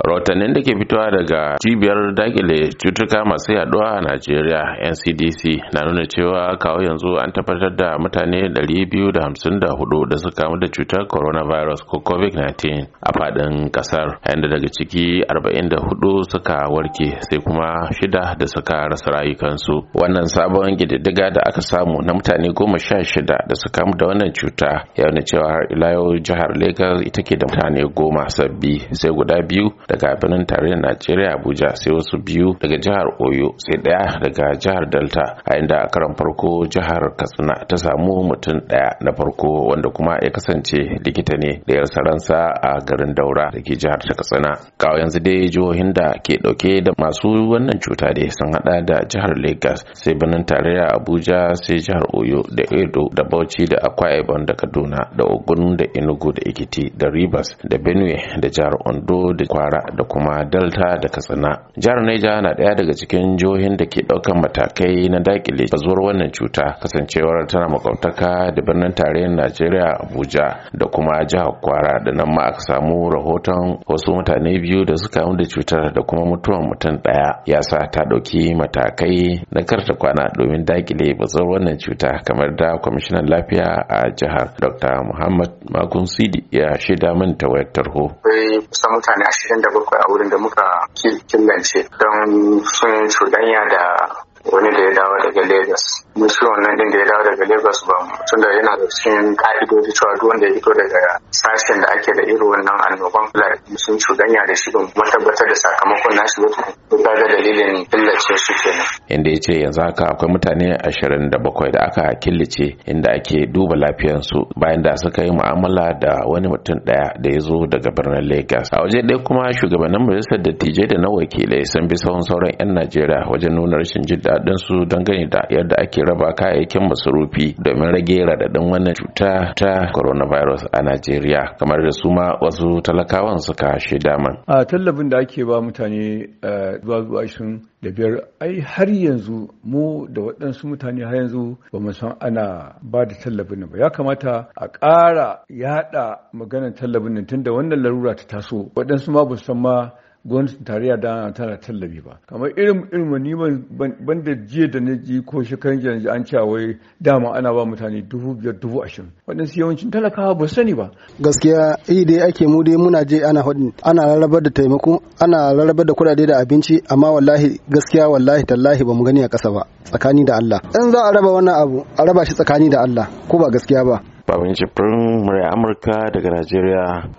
rahotannin da ke fitowa daga cibiyar dakile cutuka masu yaduwa a najeriya ncdc na nuna cewa kawo yanzu an tabbatar da mutane 254 da suka kamu da cutar coronavirus ko covid-19 a fadin kasar yadda daga ciki 44 suka warke sai kuma shida da suka rasa rayukansu wannan sabon gididdiga da aka samu na mutane 16 da suka kamu da wannan cuta ya nuna cewa har ila yau jihar lagos ita ke da mutane goma sabbi sai guda biyu daga birnin tarayyar najeriya abuja sai wasu biyu daga jihar oyo sai ɗaya daga jihar delta a inda a karan farko jihar katsina ta samu mutum ɗaya na farko wanda kuma ya kasance likita ne da yar saransa a garin daura da ke jihar katsina Ga yanzu dai jihohin da ke dauke da masu wannan cuta dai sun haɗa da jihar lagos sai birnin tarayya abuja sai jihar oyo da edo da bauchi da akwa ibom da kaduna da ogun da enugu da ekiti da rivers da benue da jihar ondo da kwara da kuma delta da katsina jihar naija na ɗaya daga cikin jihohin da ke ɗaukan matakai na dakile bazuwar wannan cuta kasancewar tana makwabtaka da birnin tarayyar najeriya abuja da kuma jihar kwara da nan ma aka samu rahoton wasu mutane biyu da suka kamu da cutar da kuma mutuwar mutum ɗaya ya sa ta ɗauki matakai na karta kwana domin dakile bazuwar wannan cuta kamar da kwamishinan lafiya a jihar dr muhammad makun sidi ya shaida min ta wayar tarho. kusan mutane ashirin da bakwai a wurin da muka killance don sun cuɗanya da wani da ya dawo daga Lagos. musu wannan din da ya dawo daga Lagos ba mutum da yana da cikin ka'idodi cewa duk wanda ya fito daga sashen da ake da irin wannan annoban Fulani sun cuɗanya da shi ba mu tabbatar da sakamakon nashi ba. ga dalilin su kenan inda ya ce yanzu haka akwai mutane ashirin da bakwai da aka killace inda ake duba su, bayan da suka yi mu'amala da wani mutum ɗaya da ya zo daga birnin lagos a waje ɗaya kuma shugabannin majalisar dattijai da na wakilai sun bi sahun sauran 'yan najeriya wajen nuna rashin jin daɗin su dangane da yadda ake raba kayayyakin masarufi domin rage raɗaɗin wannan cuta ta coronavirus a najeriya kamar da su ma wasu talakawan suka shaida man a tallafin da ake ba mutane eh, zuwa zuwa da biyar ai har yanzu mu da waɗansu mutane har yanzu ba mu san ana ba da tallafin nan ba ya kamata a ƙara yaɗa maganar tallafin nan tunda wannan larura ta taso waɗansu ma ba su san ma gwamnatin tarayya da tana tallafi ba kamar irin irin ni ban da jiya da na ji ko shekaran jiya ji an cewa wai dama ana ba mutane dubu biyar dubu ashirin waɗansu yawancin talakawa ba sani ba gaskiya yi dai ake mu dai muna je ana hudu ana rarrabar da taimako ana rarrabar da kuɗaɗe da abinci amma wallahi gaskiya wallahi tallahi ba mu gani a ƙasa ba tsakani da Allah in za a raba wannan abu a raba shi tsakani da Allah ko ba gaskiya ba Babin Jibrin murya Amurka daga Najeriya.